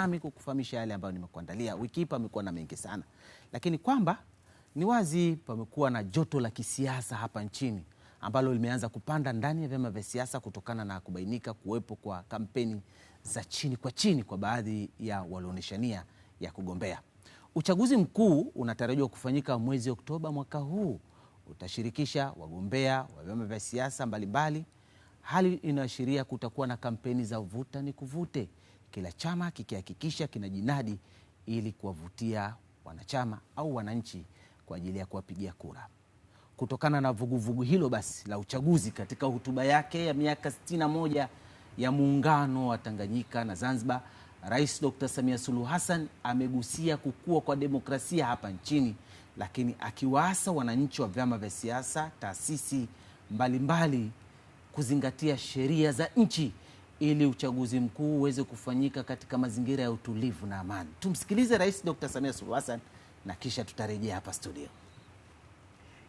Ami kukufahamisha yale ambayo nimekuandalia wiki hii. Pamekuwa na mengi sana, lakini kwamba ni wazi pamekuwa na joto la kisiasa hapa nchini ambalo limeanza kupanda ndani ya vyama vya siasa kutokana na kubainika kuwepo kwa kampeni za chini kwa chini kwa baadhi ya walioonyesha nia ya kugombea. Uchaguzi mkuu unatarajiwa kufanyika mwezi Oktoba mwaka huu, utashirikisha wagombea wa vyama vya siasa mbalimbali, hali inayoashiria kutakuwa na kampeni za vuta ni kuvute kila chama kikihakikisha kina jinadi ili kuwavutia wanachama au wananchi kwa ajili ya kuwapigia kura. Kutokana na vuguvugu vugu hilo basi la uchaguzi, katika hotuba yake ya miaka 61 ya muungano wa Tanganyika na Zanzibar, Rais Dr. Samia Suluhu Hassan amegusia kukua kwa demokrasia hapa nchini, lakini akiwaasa wananchi wa vyama vya siasa, taasisi mbalimbali kuzingatia sheria za nchi ili uchaguzi mkuu uweze kufanyika katika mazingira ya utulivu na amani. Tumsikilize Rais Dr. Samia Suluhu Hassan na kisha tutarejea hapa studio.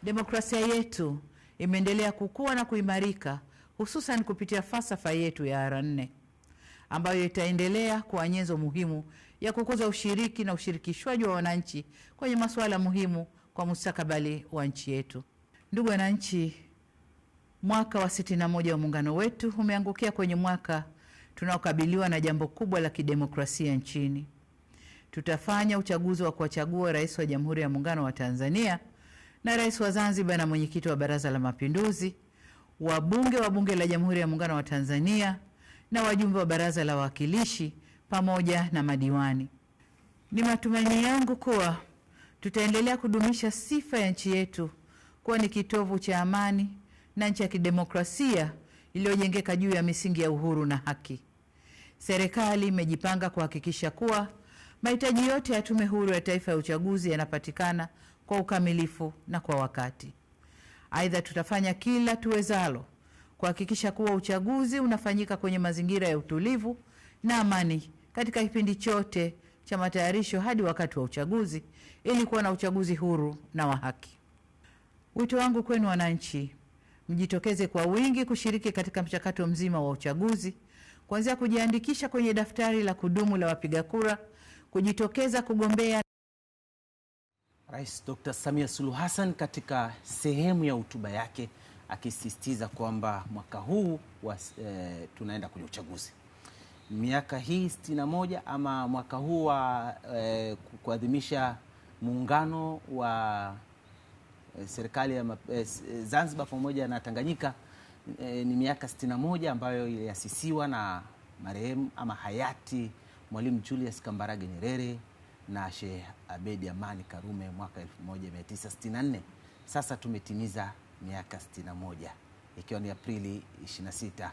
Demokrasia yetu imeendelea kukua na kuimarika hususan kupitia falsafa yetu ya R4 ambayo itaendelea kuwa nyenzo muhimu ya kukuza ushiriki na ushirikishwaji wa wananchi kwenye masuala muhimu kwa mustakabali wa nchi yetu. Ndugu wananchi, Mwaka wa 61 wa muungano wetu umeangukia kwenye mwaka tunaokabiliwa na jambo kubwa la kidemokrasia nchini. Tutafanya uchaguzi wa kuwachagua rais wa Jamhuri ya Muungano wa Tanzania na rais wa Zanzibar na mwenyekiti wa Baraza la Mapinduzi, wabunge wa Bunge la Jamhuri ya Muungano wa Tanzania na wajumbe wa Baraza la Wawakilishi pamoja na madiwani. Ni matumaini yangu kuwa tutaendelea kudumisha sifa ya nchi yetu kuwa ni kitovu cha amani, na nchi ya kidemokrasia iliyojengeka juu ya misingi ya uhuru na haki. Serikali imejipanga kuhakikisha kuwa mahitaji yote ya Tume Huru ya Taifa ya Uchaguzi yanapatikana kwa ukamilifu na kwa wakati. Aidha, tutafanya kila tuwezalo kuhakikisha kuwa uchaguzi unafanyika kwenye mazingira ya utulivu na amani katika kipindi chote cha matayarisho hadi wakati wa uchaguzi ili kuwa na uchaguzi huru na wa haki. Wito wangu kwenu wananchi mjitokeze kwa wingi kushiriki katika mchakato mzima wa uchaguzi kuanzia kujiandikisha kwenye daftari la kudumu la wapiga kura, kujitokeza kugombea. Rais Dr. Samia Suluhu Hassan katika sehemu ya hotuba yake akisisitiza kwamba mwaka huu wa, e, tunaenda kwenye uchaguzi miaka hii sitini na moja ama mwaka huu wa e, kuadhimisha muungano wa Eh, serikali ya eh, eh, Zanzibar pamoja na Tanganyika eh, ni miaka 61 ambayo iliasisiwa na marehemu ama hayati Mwalimu Julius Kambarage Nyerere na Sheikh Abedi Amani Karume mwaka 1964. Sasa tumetimiza miaka 61 ikiwa ni Aprili 26.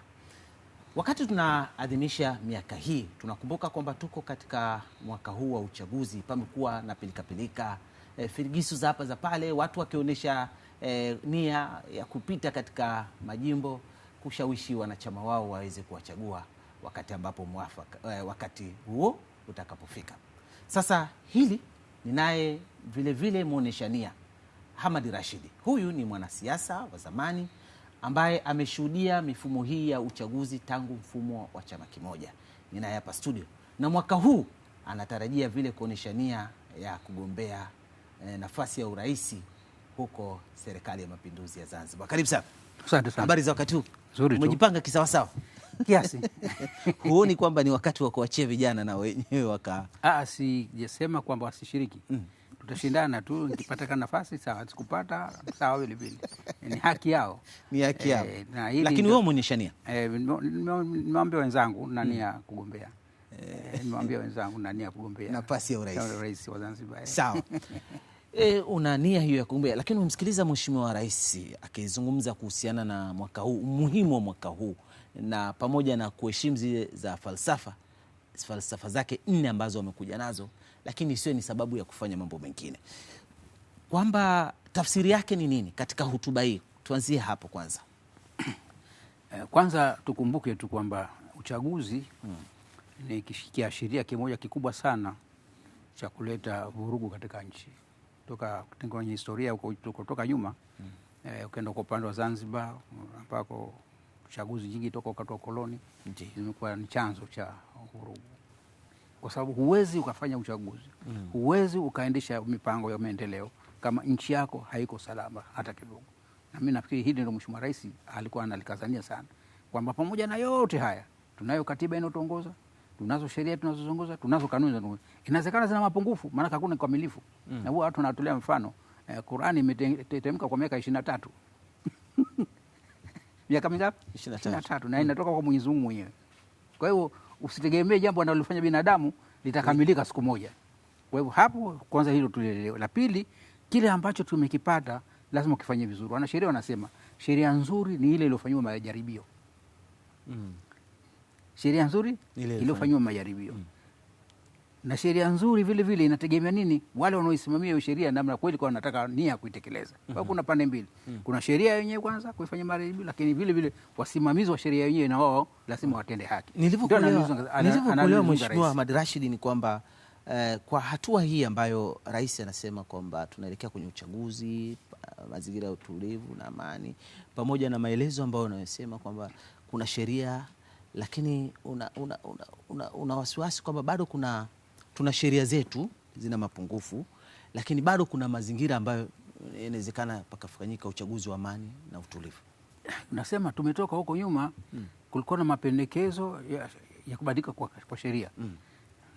Wakati tunaadhimisha miaka hii, tunakumbuka kwamba tuko katika mwaka huu wa uchaguzi. Pamekuwa na pilikapilika -pilika, eh, firigisu za hapa za pale, watu wakionyesha eh, nia ya kupita katika majimbo kushawishi wanachama wao waweze kuwachagua wakati ambapo mwafaka, eh, wakati huo utakapofika. Sasa hili ninaye vilevile mwonyesha nia Hamadi Rashidi. Huyu ni mwanasiasa wa zamani ambaye ameshuhudia mifumo hii ya uchaguzi tangu mfumo wa chama kimoja. Ninaye hapa studio, na mwaka huu anatarajia vile kuonyesha nia ya kugombea eh, nafasi ya uraisi huko serikali ya mapinduzi ya Zanzibar. Karibu sana. Asante sana. Habari za wakati huu? Nzuri tu. Umejipanga kisawasawa? Kiasi. Huoni kwamba ni wakati wa kuachia vijana na wenyewe waka Ah, ah sijasema kwamba wasishiriki. Mm. Tutashindana tu, nikipata nafasi sawa, sikupata sawa vile vile. Eh, ni haki yao. Ni haki yao. E, lakini wewe umeonyeshania. Eh, nimeambia wenzangu nani ya kugombea. Eh, nimwambia wenzangu na nia kugombea nafasi ya urais wa Zanzibar. Eh. Sawa. E, una nia hiyo ya kugombea, lakini umemsikiliza Mheshimiwa Rais akizungumza kuhusiana na mwaka huu, umuhimu wa mwaka huu na pamoja na kuheshimu zile za falsafa falsafa zake nne ambazo wamekuja nazo, lakini sio ni sababu ya kufanya mambo mengine, kwamba tafsiri yake ni nini katika hotuba hii? Tuanzie hapo kwanza. Kwanza tukumbuke tu kwamba uchaguzi hmm ni kiashiria kimoja kikubwa sana cha kuleta vurugu katika nchi toka kwenye historia kutoka nyuma mm. Eh, ukienda kwa upande wa Zanzibar ambako chaguzi nyingi toka wakati wa koloni zimekuwa ni chanzo cha vurugu, kwa sababu huwezi ukafanya uchaguzi mm. huwezi ukaendesha mipango ya maendeleo kama nchi yako haiko salama hata kidogo. Na mimi nafikiri hili ndio Mheshimiwa Rais alikuwa analikazania sana, kwamba pamoja na yote haya tunayo katiba inayotuongoza tunazo sheria tunazozongoza, tunazo kanuni, za inawezekana zina mapungufu, maana hakuna ukamilifu mm. na huwa watu wanatolea mfano eh, Qur'ani imeteremka kwa miaka 23 miaka mingapi? 23 na mm. inatoka kwa Mwenyezi Mungu mwenyewe. Kwa hiyo usitegemee jambo analofanya binadamu litakamilika siku moja. Kwa hivyo hapo kwanza hilo tulielewa. La pili, kile ambacho tumekipata lazima ukifanye vizuri. Wanasheria wanasema sheria nzuri ni ile iliyofanywa majaribio mm sheria nzuri iliyofanyiwa majaribio mm. na sheria nzuri vile vile inategemea nini wale wanaoisimamia hiyo sheria, namna kweli kwa wanataka nia kuitekeleza mm -hmm. kwa mm-hmm. kuna pande mbili mm. kuna sheria yenyewe kwanza kuifanya majaribio, lakini vile vile wasimamizi wa sheria yenyewe na wao lazima mm. watende haki. Nilivyokuelewa Mheshimiwa Ahmad Rashid ni kwamba Uh, kwa hatua hii ambayo rais anasema kwamba tunaelekea kwenye uchaguzi, eh, mazingira ya utulivu na amani, pamoja na maelezo ambayo anayosema kwamba kuna sheria lakini una, una, una, una, una wasiwasi kwamba bado kuna tuna sheria zetu zina mapungufu, lakini bado kuna mazingira ambayo inawezekana pakafanyika uchaguzi wa amani na utulivu. Nasema tumetoka huko nyuma mm. kulikuwa na mapendekezo ya, ya kubadilika kwa, kwa sheria mm.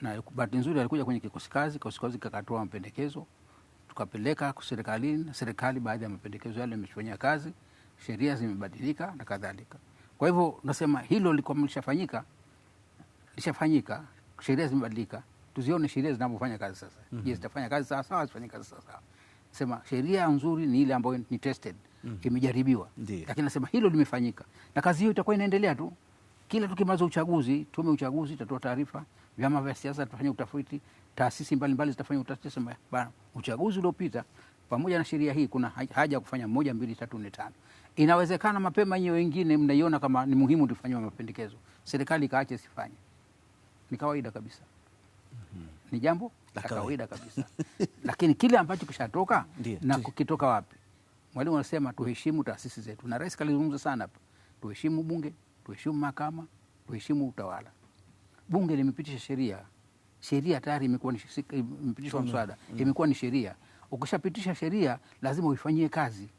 na bahati nzuri alikuja kwenye kikosi kazi, kikosi kazi kakatoa mapendekezo tukapeleka serikalini, serikali baadhi ya mapendekezo yale imefanyia kazi, sheria zimebadilika na kadhalika. Kwa hivyo nasema hilo lilikuwa lishafanyika, lishafanyika, sheria zimebadilika, tuzione sheria zinavyofanya kazi sasa. mm -hmm. Je, mhm. zitafanya kazi sawa sawa? Zifanye kazi sawa sawa? Sema sheria nzuri ni ile ambayo ni tested, mm -hmm. imejaribiwa. Lakini nasema hilo limefanyika, na kazi hiyo itakuwa inaendelea tu kila tukimaliza uchaguzi, tume uchaguzi itatoa taarifa, vyama vya siasa vitafanya utafiti, taasisi mbalimbali zitafanya utafiti, sema bana, uchaguzi uliopita pamoja na sheria hii kuna haja ya kufanya moja, mbili, tatu, nne, tano. Inawezekana mapema hiyo wengine mnaiona kama ni muhimu tufanywe mapendekezo, serikali ikaache sifanye, ni kawaida kabisa mm -hmm. ni jambo la kawaida kabisa lakini kile ambacho kishatoka na kukitoka wapi, Mwalimu anasema tuheshimu taasisi zetu, na rais kalizungumza sana hapa, tuheshimu bunge, tuheshimu mahakama, tuheshimu utawala. Bunge limepitisha sheria, sheria tayari imekuwa imepitishwa, mswada mm. imekuwa ni sheria. Ukishapitisha sheria, lazima uifanyie kazi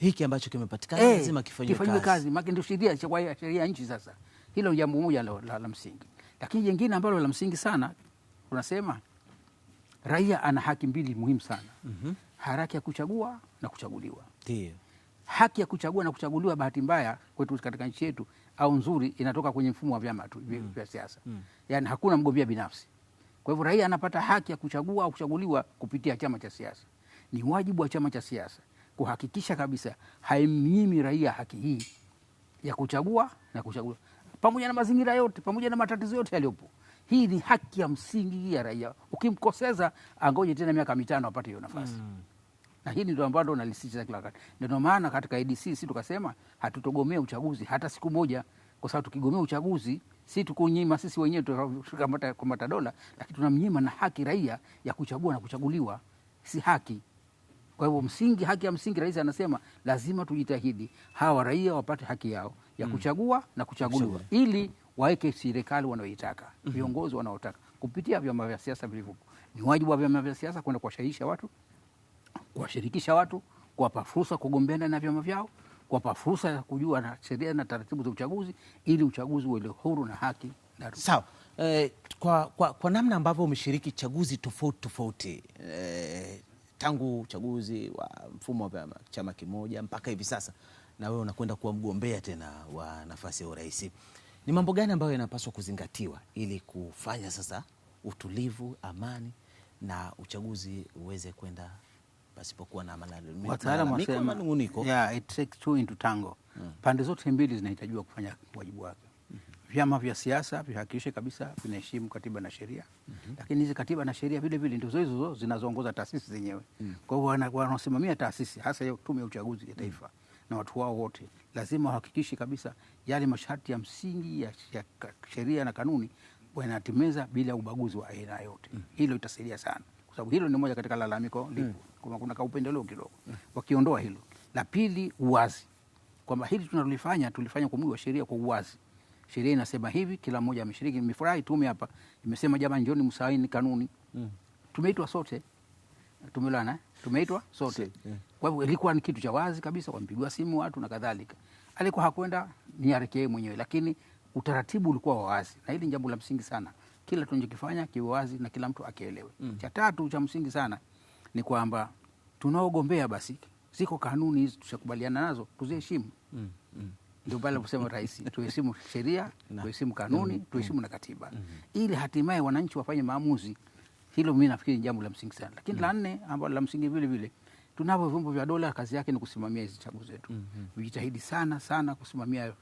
hiki ambacho kimepatikana hey, eh, lazima kifanywe kazi, kazi. Maana ndio sheria cha ya sheria nchi. Sasa hilo jambo moja la, la, la msingi, lakini jingine ambalo la msingi sana unasema raia ana haki mbili muhimu sana mm -hmm. Haki ya kuchagua na kuchaguliwa. Ndio. Haki ya kuchagua na kuchaguliwa, bahati mbaya kwetu katika nchi yetu au nzuri, inatoka kwenye mfumo wa vyama tu vya mm. siasa mm. Yaani hakuna mgombea binafsi, kwa hivyo raia anapata haki ya kuchagua au kuchaguliwa kupitia chama cha siasa. Ni wajibu wa chama cha siasa kuhakikisha kabisa haimnyimi raia haki hii ya kuchagua na kuchagua pamoja na mazingira yote, pamoja na matatizo yote yaliyopo. Hii ni haki ya msingi ya raia. Ukimkoseza angoje tena miaka mitano apate hiyo nafasi mm. Na hili ndio ambalo nalisitiza kila wakati, ndio maana katika ADC sisi tukasema hatutogomea uchaguzi hata siku moja, kwa sababu tukigomea uchaguzi si tukunyima sisi wenyewe tukamata dola, lakini tunamnyima na haki raia ya kuchagua na kuchaguliwa, si haki kwa hivyo msingi, haki ya msingi, rais anasema lazima tujitahidi hawa raia wapate haki yao ya mm. kuchagua mm. na kuchaguliwa ili waweke serikali wanayoitaka, mm-hmm. viongozi mm -hmm. wanaotaka kupitia vyama vya siasa vilivyopo. Ni wajibu wa vyama vya siasa kwenda kuwashawishi watu, kuwashirikisha watu, kuwapa fursa kugombeana na vyama vyao, kuwapa fursa ya kujua na sheria na taratibu za uchaguzi ili uchaguzi uwe huru na haki. Sawa. Eh, kwa, kwa, kwa namna ambavyo umeshiriki chaguzi tofauti tofauti eh, tangu uchaguzi wa mfumo wa chama kimoja mpaka hivi sasa, na wewe unakwenda kuwa mgombea tena wa nafasi ya urais. Ni mambo gani ambayo yanapaswa kuzingatiwa ili kufanya sasa utulivu, amani na uchaguzi uweze kwenda pasipokuwa na manunguniko? Yeah, it takes two into tango. Hmm. Pande zote mbili zinahitajiwa kufanya wajibu wake vyama vya siasa vihakikishe kabisa vinaheshimu katiba na sheria mm -hmm. Lakini hizi katiba na sheria vile vile ndizo hizo zinazoongoza taasisi zenyewe mm Kwa hiyo wanaosimamia taasisi hasa hiyo Tume ya Uchaguzi ya Taifa mm -hmm. na watu wao wote lazima wahakikishe kabisa yale masharti ya msingi ya, ya sheria na kanuni wanatimiza bila ubaguzi wa aina yote mm -hmm. Hilo itasaidia sana, kwa sababu hilo ni moja katika lalamiko lipo mm -hmm. Kama kuna kaupendeleo kidogo mm -hmm. Wakiondoa hilo, la pili uwazi, kwamba hili tunalolifanya tulifanya kwa mujibu wa sheria kwa uwazi sheria inasema hivi, kila mmoja ameshiriki. Nimefurahi tume hapa imesema jamani, njoni msaini kanuni mm. Tumeitwa sote, tumelana, eh? tumeitwa sote Kwa hivyo ilikuwa ni kitu cha wazi kabisa, wampigwa simu watu na kadhalika. Alikuwa hakwenda ni yeye mwenyewe, lakini utaratibu ulikuwa wazi, na hili ni jambo la msingi sana. Kila tunachokifanya kiwe wazi na kila mtu akielewe mm. Cha tatu cha msingi sana ni kwamba tunaogombea basi, ziko kanuni hizi, tushakubaliana nazo, tuziheshimu mm. mm ndio pale naposema rahisi, tuheshimu sheria, tuheshimu kanuni, mm-hmm. tuheshimu na katiba mm-hmm. ili hatimaye wananchi wafanye maamuzi. Hilo mimi nafikiri ni jambo la msingi sana, lakini la mm-hmm. nne ambalo la msingi vile vile tunavyo vyombo vya dola, kazi yake ni kusimamia hizi chaguzi zetu. mm -hmm. Vijitahidi sana sana kusimamia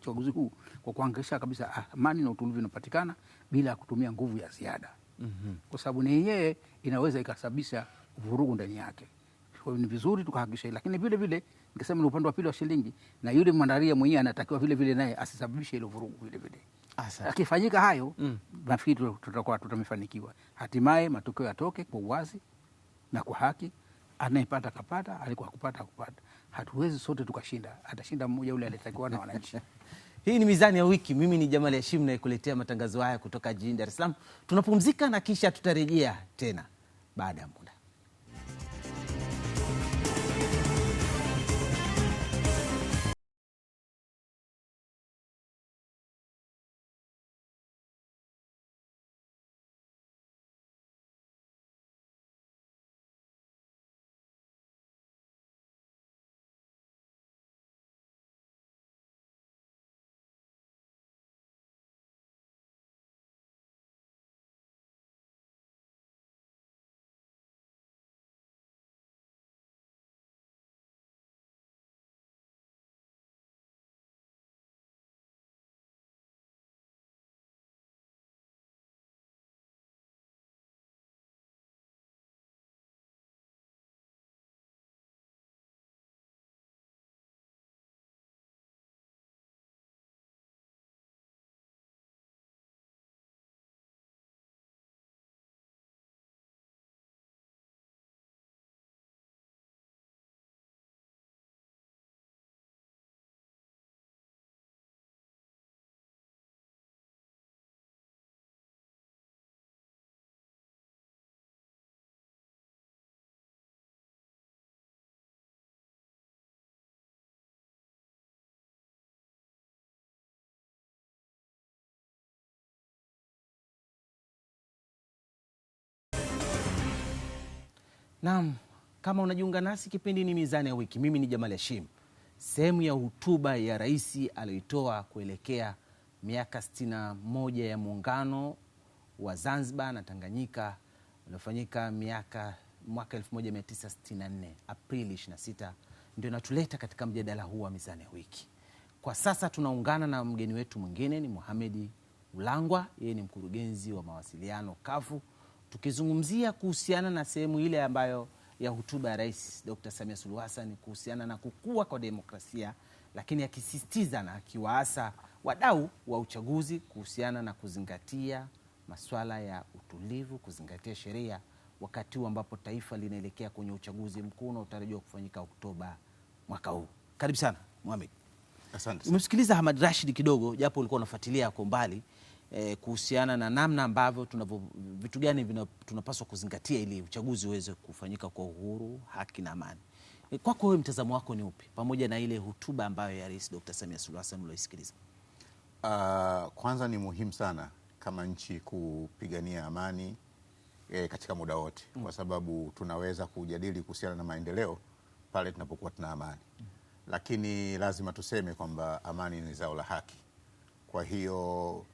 uchaguzi huu kwa kuhakikisha kabisa amani na utulivu inapatikana bila ya kutumia nguvu ya ziada. mm -hmm. Kwa sababu ni yeye inaweza ikasababisha vurugu ndani yake. Kwa hiyo ni vizuri tukahakikisha, lakini vile vile nikasema ni upande wa pili wa shilingi, na yule mwanaria mwenyewe anatakiwa vile vile naye asisababishe ile vurugu vile vile. Akifanyika hayo mm, nafikiri tutakuwa tutamefanikiwa, hatimaye matokeo yatoke kwa uwazi na kwa haki, anayepata kapata, alikuwa kupata kupata. Hatuwezi sote tukashinda, atashinda mmoja ule aliyetakiwa na wananchi. Hii ni Mizani ya Wiki. Mimi ni Jamali Hashim nayekuletea matangazo haya kutoka jijini Dar es Salaam. Tunapumzika na kisha tutarejea tena baada ya muda. Naam, kama unajiunga nasi, kipindi ni Mizani ya Wiki. Mimi ni Jamal Hashim. Sehemu ya hotuba ya rais aliyoitoa kuelekea miaka 61 ya muungano wa Zanzibar na Tanganyika uliofanyika miaka mwaka 1964 Aprili 26, ndio inatuleta katika mjadala huu wa Mizani ya Wiki. Kwa sasa tunaungana na mgeni wetu mwingine, ni muhamedi Ulangwa, yeye ni mkurugenzi wa mawasiliano kafu tukizungumzia kuhusiana na sehemu ile ambayo ya hotuba ya Rais Dr. Samia Suluhu Hassan kuhusiana na kukua kwa demokrasia, lakini akisisitiza na akiwaasa wadau wa uchaguzi kuhusiana na kuzingatia masuala ya utulivu, kuzingatia sheria wakati huu ambapo taifa linaelekea kwenye uchaguzi mkuu unaotarajiwa kufanyika Oktoba mwaka huu. Karibu sana Mohamed. Asante. Umemsikiliza Hamad Rashid kidogo, japo ulikuwa unafuatilia kwa mbali eh, kuhusiana na namna ambavyo tunavyo vitu gani tunapaswa kuzingatia ili uchaguzi uweze kufanyika kwa uhuru, haki na amani. E, kwako wewe mtazamo wako ni upi pamoja na ile hotuba ambayo ya Rais Dr. Samia Suluhu Hassan ulioisikiliza? Uh, ah, kwanza ni muhimu sana kama nchi kupigania amani e, katika muda wote mm. kwa sababu tunaweza kujadili kuhusiana na maendeleo pale tunapokuwa tuna amani mm. lakini lazima tuseme kwamba amani ni zao la haki. Kwa hiyo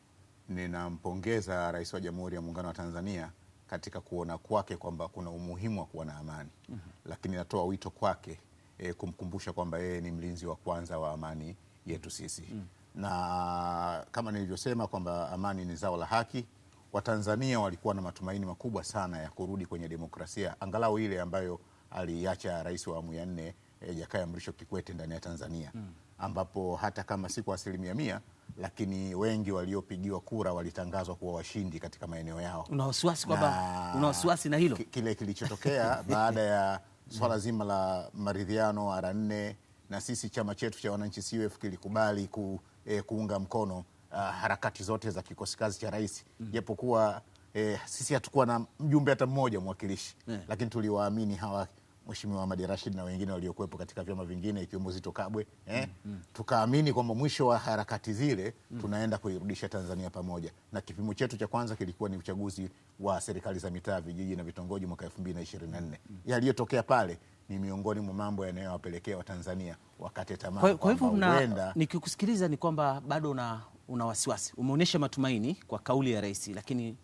ninampongeza Rais wa Jamhuri ya Muungano wa Tanzania katika kuona kwake kwamba kuna umuhimu wa kuwa na amani mm -hmm. Lakini natoa wito kwake e, kumkumbusha kwamba yeye ni mlinzi wa kwanza wa amani yetu sisi mm -hmm. Na kama nilivyosema kwamba amani ni zao la haki, Watanzania walikuwa na matumaini makubwa sana ya kurudi kwenye demokrasia angalau ile ambayo aliacha rais wa awamu ya nne e, Jakaya Mrisho Kikwete ndani ya Tanzania mm -hmm. Ambapo hata kama si kwa asilimia mia lakini wengi waliopigiwa kura walitangazwa kuwa washindi katika maeneo yao. Una wasiwasi kwamba una wasiwasi na hilo kile kilichotokea baada ya swala zima la maridhiano ara nne, na sisi chama chetu cha wananchi CUF kilikubali ku, e, kuunga mkono uh, harakati zote za kikosi kazi cha rais mm. japokuwa mm. sisi hatukuwa na mjumbe hata mmoja mwakilishi yeah. Lakini tuliwaamini hawa Mheshimiwa Ahmad Rashid na wengine waliokuwepo katika vyama vingine ikiwemo Zito Kabwe eh? mm mm. Tukaamini kwamba mwisho wa harakati zile mm tunaenda kuirudisha Tanzania pamoja, na kipimo chetu cha kwanza kilikuwa ni uchaguzi wa serikali za mitaa, vijiji na vitongoji mwaka 2024. Mm, mm Yaliyotokea pale ni miongoni mwa mambo yanayowapelekea Watanzania wakate tamaa. Kwa hivyo mna, nikikusikiliza ni kwamba bado una, una wasiwasi. Umeonyesha matumaini kwa kauli ya rais, lakini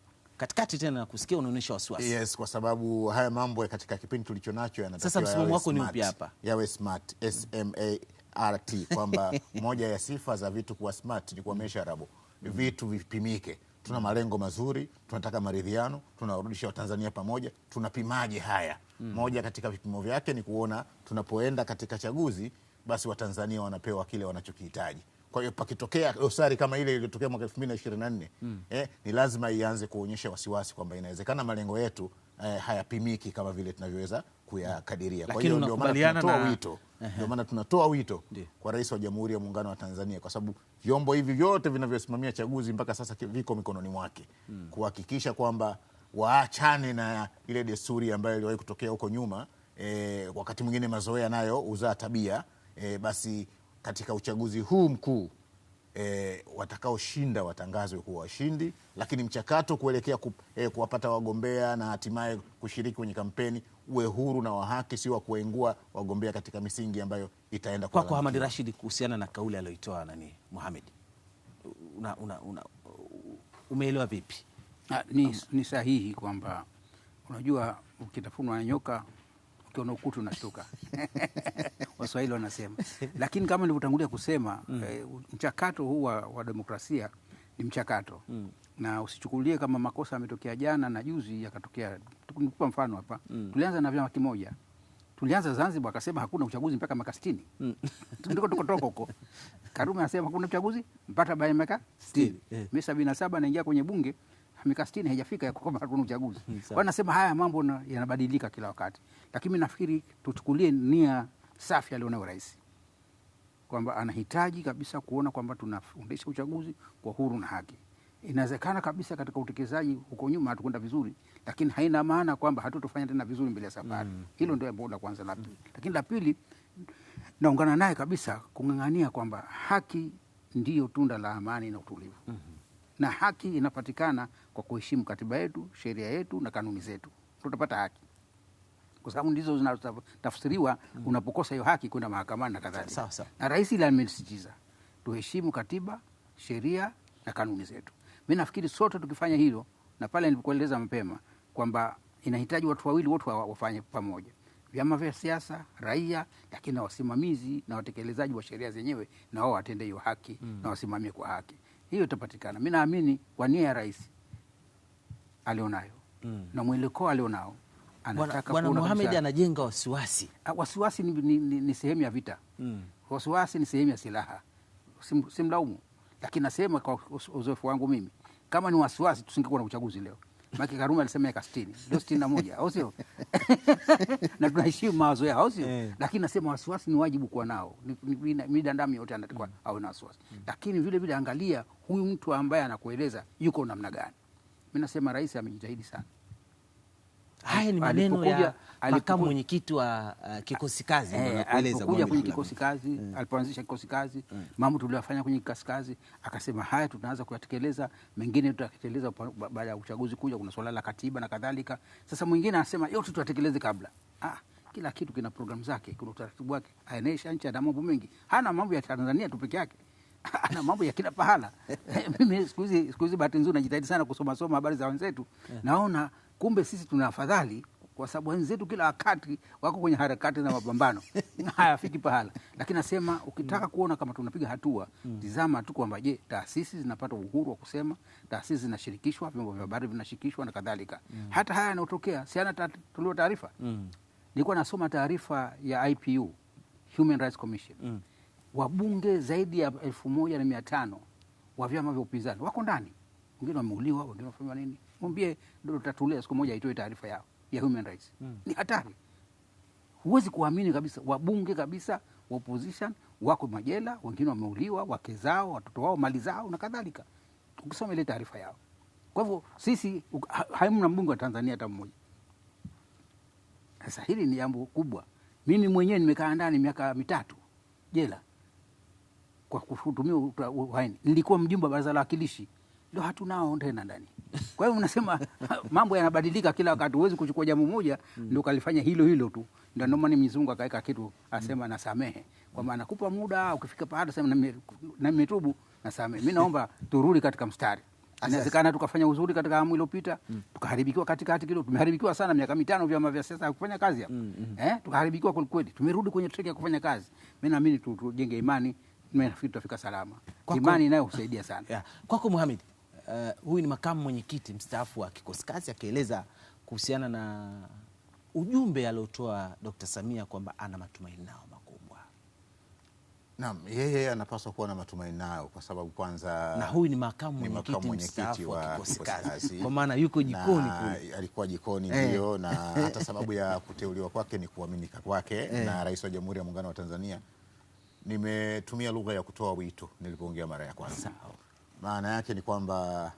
katikati tena na kusikia unaonyesha wasiwasi. Yes, kwa sababu haya mambo katika kipindi nacho yanatakiwa. Sasa msimamo wako ni upi hapa? Yawe smart, S M A R T, kwamba moja ya sifa za vitu kuwa smart ni kuwa measurable, vitu vipimike tuna malengo mazuri, tunataka maridhiano, tunawarudisha Watanzania pamoja, tunapimaje haya? mm. Moja katika vipimo vyake ni kuona tunapoenda katika chaguzi, basi Watanzania wanapewa kile wanachokihitaji. Kwa hiyo pakitokea dosari kama ile iliyotokea mwaka 2024 mm. eh, ni lazima ianze kuonyesha wasiwasi kwamba inawezekana malengo yetu eh, hayapimiki kama vile tunavyoweza kuyakadiria. Kwa hiyo ndio maana tunatoa wito ndio maana tunatoa wito kwa Rais wa Jamhuri ya Muungano wa Tanzania, kwa sababu vyombo hivi vyote vinavyosimamia chaguzi mpaka sasa viko mikononi mwake mm. kuhakikisha kwamba waachane na ile desturi ambayo iliwahi kutokea huko nyuma. eh, wakati mwingine mazoea nayo uzaa tabia eh, basi katika uchaguzi huu mkuu e, watakaoshinda watangazwe kuwa washindi, lakini mchakato kuelekea ku, e, kuwapata wagombea na hatimaye kushiriki kwenye kampeni uwe huru na wa haki, sio wa wagombea katika misingi ambayo itaenda kwa Kwa Hamad Rashid, kuhusiana na kauli aliyoitoa nani Mohamed, una, una, una, umeelewa vipi? Ha, ah, ni, ni sahihi kwamba unajua ukitafunwa na nyoka ukiona ukuta unashtuka Waswahili wanasema. Lakini kama nilivyotangulia kusema mm. eh, mchakato huu wa demokrasia ni mchakato mm. na usichukulie kama makosa yametokea jana na juzi yakatokea. Nikupa mfano hapa mm. tulianza na vyama kimoja tulianza Zanzibar, akasema hakuna uchaguzi mpaka miaka sitini mm. ndiko tukotoka huko. Karume anasema hakuna uchaguzi mpaka baada ya miaka sitini eh. mi sabini na saba naingia kwenye bunge miaka 60 haijafika ya kwamba hakuna uchaguzi. Kwa hmm, hiyo nasema haya mambo na, yanabadilika kila wakati, lakini nafikiri tuchukulie nia safi alionayo rais kwamba anahitaji kabisa kuona kwamba tunafundisha uchaguzi kwa huru na haki. Inawezekana kabisa katika utekelezaji huko nyuma hatukwenda vizuri, lakini haina maana kwamba hatutofanya tena vizuri mbele ya safari. mm. Hilo ndio jambo la kwanza. La pili, Mm. lakini la pili naungana naye kabisa kung'ang'ania kwamba haki ndiyo tunda la amani na utulivu. mm -hmm na haki inapatikana kwa kuheshimu katiba yetu, sheria yetu na kanuni zetu, tutapata haki kwa sababu ndizo zinatafsiriwa mm. Unapokosa hiyo haki kwenda mahakamani na kadhalika. Na rais ile amesisitiza tuheshimu katiba, sheria na kanuni zetu. Mi nafikiri sote tukifanya hilo, na pale nilikueleza mapema kwamba inahitaji watu wawili wote wafanye pamoja, vyama vya siasa, raia, lakini na wasimamizi na watekelezaji wa sheria zenyewe, na wao watende hiyo haki mm. na wasimamie kwa haki hiyo itapatikana. Mi naamini kwa nia ya rais alionayo mm. na mwelekeo alionao anataka Bwana Mohamed anajenga wasiwasi. Ah, wasiwasi ni, ni, ni, ni sehemu ya vita mm. wasiwasi ni sehemu ya silaha, simlaumu sim, lakini nasema kwa uzoefu wangu mimi, kama ni wasiwasi tusingekuwa na uchaguzi leo. Maki Karume alisema miaka 60 leo 61 au sio? na tunaheshimu mawazo yao, au sio? Eh. Lakini nasema wasiwasi ni wajibu kuwa nao, midandami yote anatakiwa mm. awe na wasiwasi mm. lakini vile vile angalia huyu mtu ambaye anakueleza yuko namna gani. Mimi nasema rais amejitahidi sana haya ni maneno ya makamu mwenyekiti wa uh, kikosi kazi eh, alipokuja kwenye kikosi kazi mm. alipoanzisha kikosi kazi mm. mambo tuliyofanya kwenye kikosi kazi akasema haya tunaanza kuyatekeleza, mengine tutatekeleza baada ya uchaguzi kuja, kuna swala la katiba na kadhalika. Sasa mwingine anasema yote tuyatekeleze kabla. Ah, kila kitu kina programu zake, kuna utaratibu wake, aenesha nchi, ana mambo mengi, hana mambo ya Tanzania tu peke yake ana mambo ya kila pahala. Mimi siku hizi bahati nzuri najitahidi sana kusoma soma habari za wenzetu, eh. naona kumbe sisi tuna afadhali kwa sababu wenzetu kila wakati wako kwenye harakati na mapambano hayafiki pahala, lakini nasema ukitaka kuona kama tunapiga hatua, tizama tu kwamba je, taasisi zinapata uhuru wa kusema, taasisi zinashirikishwa, vyombo vya habari vinashirikishwa na kadhalika. Hata haya yanayotokea siana tulio taarifa, nilikuwa nasoma taarifa ya IPU, Human Rights Commission, wabunge zaidi ya elfu moja na mia tano wa vyama vya upinzani wako ndani, wengine wameuliwa, wengine wafanywa nini mwambie tutatulia siku moja aitoe taarifa yao ya human rights mm. Ni hatari, huwezi kuamini kabisa. Wabunge kabisa wa opposition wako majela, wengine wameuliwa, wake zao, watoto wao, mali zao na kadhalika, ukisoma ile taarifa yao. Kwa hivyo sisi hamna mbunge wa Tanzania hata mmoja. Sasa hili ni jambo kubwa. Mimi mwenyewe nimekaa ndani miaka mitatu jela kwa kutumia uhaini. Nilikuwa mjumbe wa baraza la wakilishi ndo hatunao tena ndani. Kwa hiyo unasema mambo yanabadilika kila wakati, huwezi kuchukua jambo moja mm. ndo kalifanya hilo hilo tu. Ndio ndio maana mizungu akaweka kitu asema mm. nasamehe, kwa maana nakupa muda, ukifika pahali sema na nimetubu, nasamehe. Mimi naomba turudi katika mstari inawezekana tukafanya uzuri katika awamu iliyopita mm. tukaharibikiwa katikati kidogo. Tumeharibikiwa sana miaka mitano, vyama vya siasa kufanya kazi hapo mm, -hmm. eh, tukaharibikiwa kwelikweli. Tumerudi kwenye trek ya kufanya kazi. Mi naamini tujenge imani, nafikiri tutafika salama. Kwako, imani nayo husaidia sana yeah. Kwako Muhamedi uh, huyu ni makamu mwenyekiti mstaafu wa Kikosikazi akieleza kuhusiana na ujumbe aliotoa Dkt. Samia kwamba ana matumaini nao makubwa. Naam, yeye anapaswa kuwa na matumaini nayo kwa sababu kwanza, na huyu ni makamu mwenyekiti mstaafu wa kwa maana yuko jikoni kule, alikuwa jikoni eh. ndio na hata sababu ya kuteuliwa kwake ni kuaminika kwake eh. na Rais wa Jamhuri ya Muungano wa Tanzania. Nimetumia lugha ya kutoa wito nilipoongea mara ya kwanza maana yake ni kwamba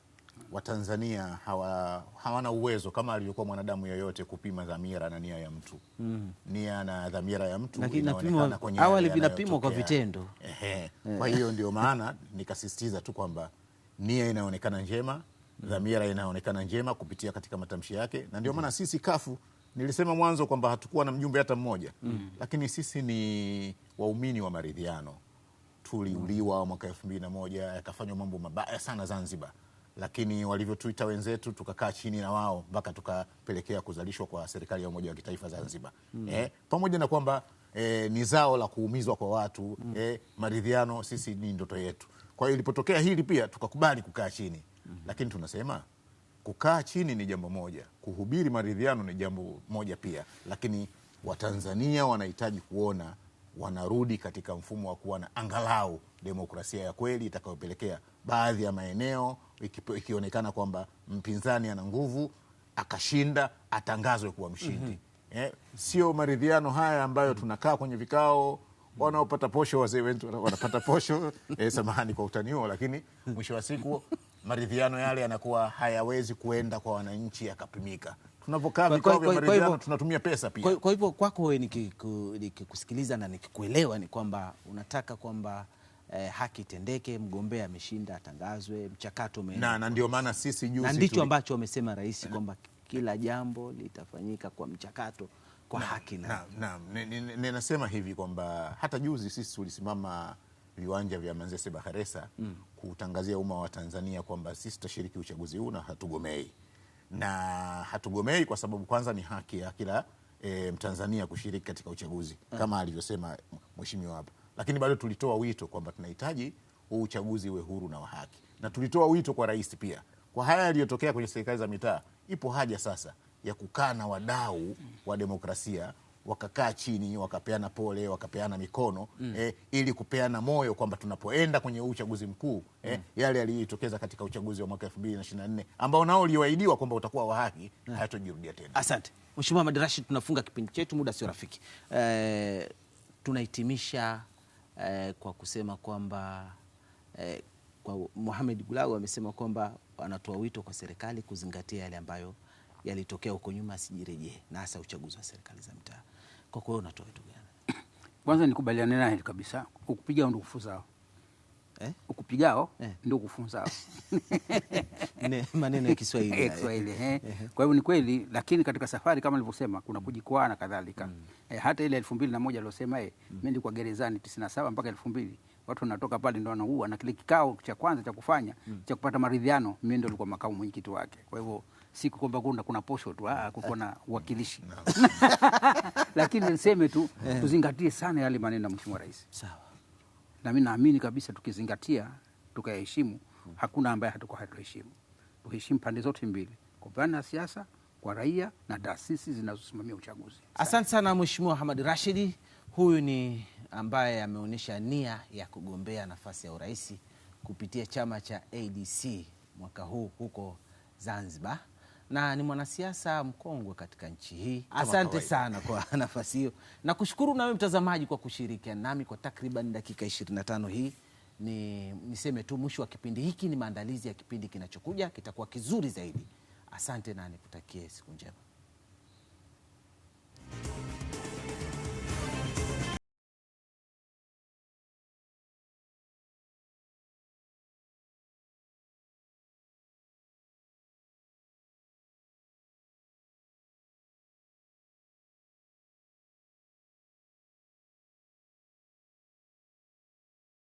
Watanzania hawa, hawana uwezo kama alivyokuwa mwanadamu yoyote kupima dhamira na nia ya mtu mm. Nia na dhamira ya mtu inaonekana kwenye awali vinapimwa kwa vitendo. Ehe. Eh. Kwa hiyo ndio maana nikasisitiza tu kwamba nia inaonekana njema, mm. dhamira inaonekana njema kupitia katika matamshi yake, na ndio mm. maana sisi kafu nilisema mwanzo kwamba hatukuwa na mjumbe hata mmoja mm. Lakini sisi ni waumini wa maridhiano tuliuliwa mwaka elfu mbili na moja yakafanywa mambo mabaya sana Zanzibar, lakini walivyotuita wenzetu tukakaa chini na wao mpaka tukapelekea kuzalishwa kwa serikali ya umoja wa kitaifa Zanzibar. mm. Eh, pamoja na kwamba eh, ni zao la kuumizwa kwa watu mm. eh, maridhiano sisi ni ndoto yetu. Kwa hiyo ilipotokea hili pia tukakubali kukaa chini mm lakini tunasema kukaa chini ni jambo moja, kuhubiri maridhiano ni jambo moja pia, lakini Watanzania wanahitaji kuona wanarudi katika mfumo wa kuwa na angalau demokrasia ya kweli itakayopelekea baadhi ya maeneo ikionekana kwamba mpinzani ana nguvu akashinda atangazwe kuwa mshindi. mm -hmm. Eh, sio maridhiano haya ambayo tunakaa kwenye vikao wanaopata posho wazee wetu wanapata posho eh, samahani kwa utani huo, lakini mwisho wa siku maridhiano yale yanakuwa hayawezi kuenda kwa wananchi yakapimika. Tunavyokaa vikao vya maridhiano tunatumia pesa pia. Kwa hivyo kwako wewe nikikusikiliza na nikikuelewa ni kwamba unataka kwamba eh, haki itendeke, mgombea ameshinda atangazwe, mchakato umeenda na, ndio maana sisi juzi na ndicho ambacho wamesema rais kwamba kila jambo litafanyika kwa mchakato kwa na, haki na, na, na, ninasema hivi kwamba hata juzi sisi tulisimama viwanja vya Manzese Baharesa mm kuutangazia umma wa Tanzania kwamba sisi tutashiriki uchaguzi huu na hatugomei, na hatugomei kwa sababu kwanza ni haki ya kila e, Mtanzania kushiriki katika uchaguzi kama alivyosema mheshimiwa hapa, lakini bado tulitoa wito kwamba tunahitaji huu uchaguzi uwe huru na wa haki, na tulitoa wito kwa rais pia. Kwa haya yaliyotokea kwenye serikali za mitaa, ipo haja sasa ya kukaa na wadau wa demokrasia wakakaa chini wakapeana pole wakapeana mikono mm. eh, ili kupeana moyo kwamba tunapoenda kwenye uchaguzi mkuu eh, mm. yale yaliyotokeza katika uchaguzi wa mwaka nne ambao nao uliahidiwa kwamba utakuwa wa haki mm. hayatojirudia tena. Asante Mheshimiwa Ahmed Rashid, tunafunga kipindi chetu, muda sio rafiki e, tunahitimisha e, kwa kusema kwamba e, kwa Mohamed Gulago amesema kwamba anatoa wito kwa serikali kuzingatia yale ambayo yalitokea huko nyuma asijirejee, na hasa uchaguzi wa serikali za mtaa. Kwa kweli unatoa vitu gani? Kwanza nikubaliane naye kabisa, ukupiga ndio kufunzao eh? ukupigao eh? ndio kufunzao maneno ya Kiswahili Kiswahili eh. eh. Kwa hiyo ni kweli, lakini katika safari kama nilivyosema kuna kujikwaa na kadhalika mm. Eh, hata ile elfu mbili na moja aliosema eh, mm. mimi nilikuwa gerezani tisini na saba mpaka elfu mbili watu wanatoka pale ndo wanaua, na kile kikao cha kwanza cha kufanya mm. cha kupata maridhiano, mimi ndo nilikuwa makamu mwenyekiti wake, kwa hivyo si kwamba kuna, kuna posho tu ah, kuko na uwakilishi Lakini niseme tu eh. Tuzingatie sana yale maneno ya Mheshimiwa Rais. Sawa. Na mimi naamini kabisa tukizingatia tukayaheshimu Hakuna ambaye hatuko hatuheshimu. Tuheshimu pande zote mbili, kwa upande wa siasa, kwa raia na taasisi zinazosimamia uchaguzi. Asante sana Mheshimiwa Hamad Rashidi, huyu ni ambaye ameonyesha nia ya kugombea nafasi ya urais kupitia chama cha ADC mwaka huu huko Zanzibar na ni mwanasiasa mkongwe katika nchi hii. Asante sana kwa nafasi hiyo, na kushukuru nawe mtazamaji kwa kushirikiana nami kwa takriban dakika 25 hii. Ni niseme tu mwisho wa kipindi hiki ni maandalizi ya kipindi kinachokuja, kitakuwa kizuri zaidi. Asante na nikutakie siku njema.